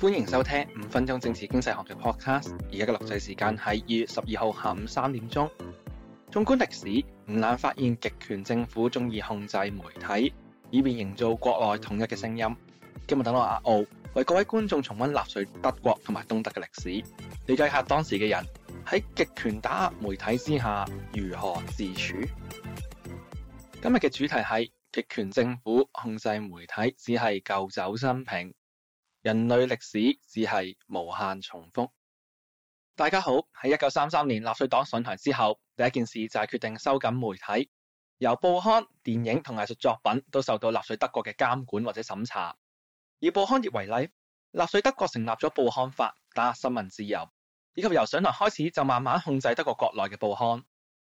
歡迎收聽五分鐘政治經濟學嘅 podcast，而家嘅錄製時間係二月十二號下午三點鐘。縱觀歷史，唔難發現極權政府中意控制媒體，以便營造國內統一嘅聲音。今日等我阿奧為各位觀眾重温納粹德國同埋東德嘅歷史，理解下當時嘅人喺極權打壓媒體之下如何自處。今日嘅主題係極權政府控制媒體只，只係舊酒新瓶。人類歷史只係無限重複。大家好，喺一九三三年納粹黨上台之後，第一件事就係決定收緊媒體，由報刊、電影同藝術作品都受到納粹德國嘅監管或者審查。以報刊業為例，納粹德國成立咗報刊法，打壓新聞自由，以及由上台開始就慢慢控制德國國內嘅報刊。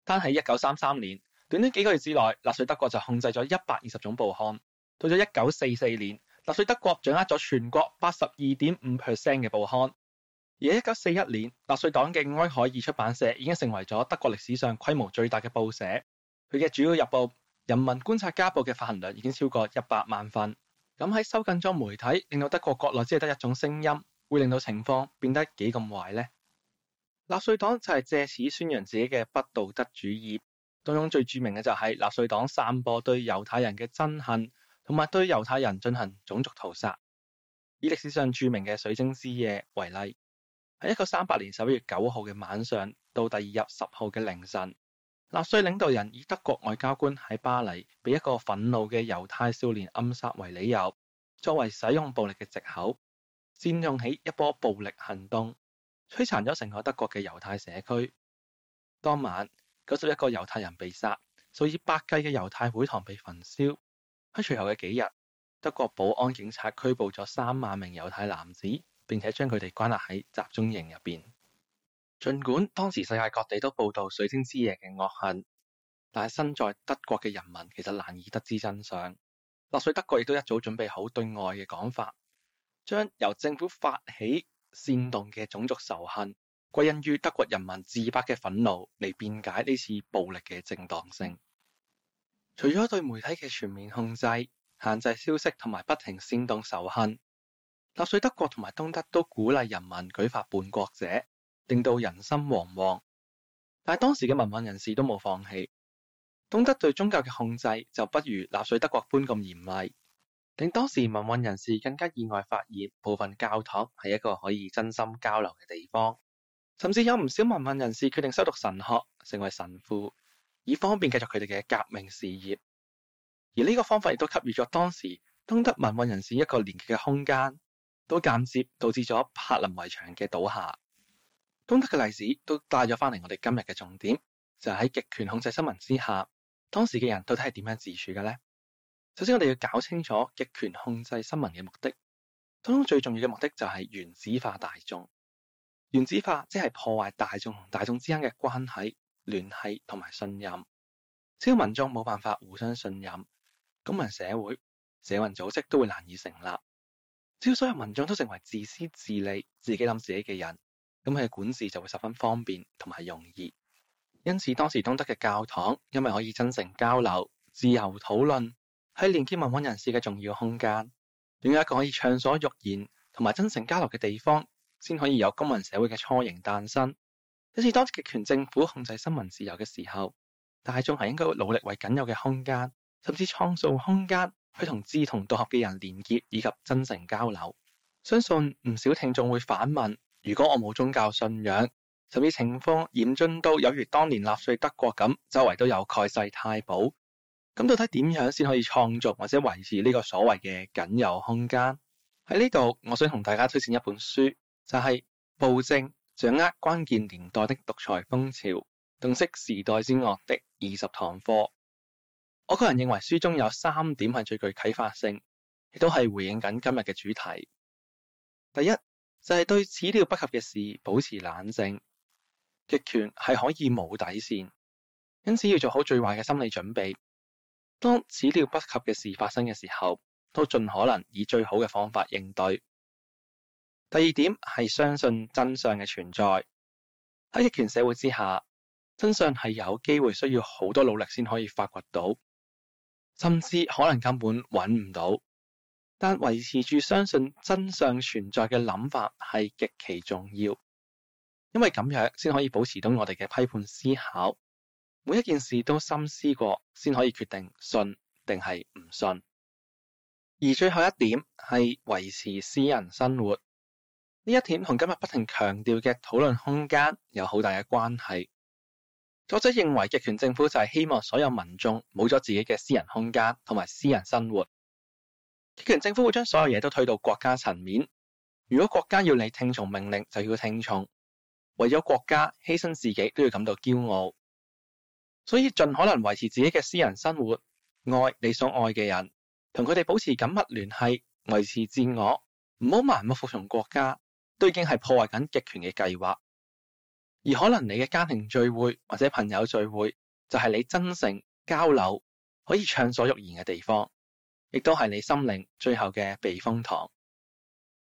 單喺一九三三年，短短幾個月之內，納粹德國就控制咗一百二十種報刊。到咗一九四四年。納粹德國掌握咗全國八十二點五 percent 嘅報刊，而喺一九四一年，納粹黨嘅安海爾出版社已經成為咗德國歷史上規模最大嘅報社。佢嘅主要日報《人民觀察家報》嘅發行量已經超過一百萬份。咁喺收緊咗媒體，令到德國國內只係得一種聲音，會令到情況變得幾咁壞呢？納粹黨就係借此宣揚自己嘅不道德主義，當中最著名嘅就係納粹黨散播對猶太人嘅憎恨。同埋對猶太人進行種族屠殺，以歷史上著名嘅水晶之夜為例，喺一九三八年十一月九號嘅晚上到第二日十號嘅凌晨，納粹領導人以德國外交官喺巴黎被一個憤怒嘅猶太少年暗殺為理由，作為使用暴力嘅借口，煽動起一波暴力行動，摧殘咗成個德國嘅猶太社區。當晚，九十一個猶太人被殺，數以百計嘅猶太會堂被焚燒。喺隨後嘅幾日，德國保安警察拘捕咗三萬名猶太男子，並且將佢哋關押喺集中營入邊。盡管當時世界各地都報道水晶之夜嘅惡行，但係身在德國嘅人民其實難以得知真相。納粹德國亦都一早準備好對外嘅講法，將由政府發起煽動嘅種族仇恨歸因於德國人民自發嘅憤怒嚟辯解呢次暴力嘅正當性。除咗對媒體嘅全面控制、限制消息同埋不停煽動仇恨，納粹德國同埋東德都鼓勵人民舉發叛國者，令到人心惶惶。但係當時嘅民運人士都冇放棄。東德對宗教嘅控制就不如納粹德國般咁嚴厲，令當時民運人士更加意外發現部分教堂係一個可以真心交流嘅地方，甚至有唔少民運人士決定修讀神學，成為神父。以方便繼續佢哋嘅革命事業，而呢個方法亦都給予咗當時東德民運人士一個連結嘅空間，都間接導致咗柏林圍牆嘅倒下。東德嘅例子都帶咗翻嚟，我哋今日嘅重點就係喺極權控制新聞之下，當時嘅人到底係點樣自處嘅呢？首先，我哋要搞清楚極權控制新聞嘅目的，當中最重要嘅目的就係原子化大眾。原子化即係破壞大眾同大眾之間嘅關係。聯繫同埋信任，只要民眾冇辦法互相信任，公民社會、社運組織都會難以成立。只要所有民眾都成為自私自利、自己諗自己嘅人，咁佢嘅管治就會十分方便同埋容易。因此，當時東德嘅教堂因為可以真誠交流、自由討論，係連結民間人士嘅重要空間。另一個可以暢所欲言同埋真誠交流嘅地方，先可以有公民社會嘅雛形誕生。即使當時極權政府控制新聞自由嘅時候，大眾係應該努力為僅有嘅空間，甚至創造空間去同志同道合嘅人連結以及真誠交流。相信唔少聽眾會反問：如果我冇宗教信仰，甚至情況嚴峻到有如當年納粹德國咁，周圍都有蓋世太保，咁到底點樣先可以創造或者維持呢個所謂嘅僅有空間？喺呢度，我想同大家推薦一本書，就係、是《暴政》。掌握關鍵年代的獨裁風潮，洞悉時代之惡的二十堂課。我個人認為書中有三點係最具啟發性，亦都係回應緊今日嘅主題。第一就係對始料不及嘅事保持冷靜，極權係可以冇底線，因此要做好最壞嘅心理準備。當始料不及嘅事發生嘅時候，都盡可能以最好嘅方法應對。第二點係相信真相嘅存在。喺極權社會之下，真相係有機會需要好多努力先可以發掘到，甚至可能根本揾唔到。但維持住相信真相存在嘅諗法係極其重要，因為咁樣先可以保持到我哋嘅批判思考，每一件事都深思過先可以決定信定係唔信。而最後一點係維持私人生活。呢一點同今日不停強調嘅討論空間有好大嘅關係。作者認為極權政府就係希望所有民眾冇咗自己嘅私人空間同埋私人生活。極權政府會將所有嘢都推到國家層面。如果國家要你聽從命令，就要聽從。為咗國家犧牲自己都要感到驕傲。所以盡可能維持自己嘅私人生活，愛你所愛嘅人，同佢哋保持緊密聯繫，維持自我，唔好盲目服從國家。都已經係破壞緊極權嘅計劃，而可能你嘅家庭聚會或者朋友聚會，就係、是、你真誠交流可以暢所欲言嘅地方，亦都係你心靈最後嘅避風塘。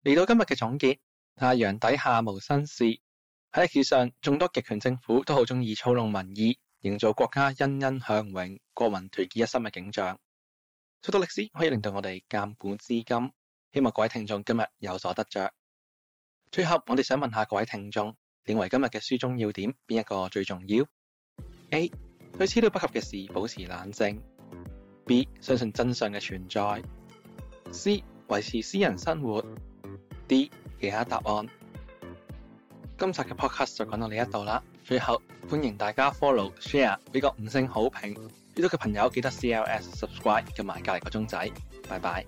嚟到今日嘅總結，太陽底下無新事。喺歷史上，眾多極權政府都好鍾意操弄民意，營造國家欣欣向榮、國民團結一心嘅景象。熟讀歷史可以令到我哋鑑古知今，希望各位聽眾今日有所得着。最後，我哋想問下各位聽眾，認為今日嘅書中要點邊一個最重要？A. 對資料不及嘅事保持冷靜；B. 相信真相嘅存在；C. 維持私人生活；D. 其他答案。今集嘅 podcast 就講到呢一度啦。最後，歡迎大家 follow、share，俾個五星好評。遇到嘅朋友記得 CLS subscribe，撳埋隔籬個鐘仔。拜拜。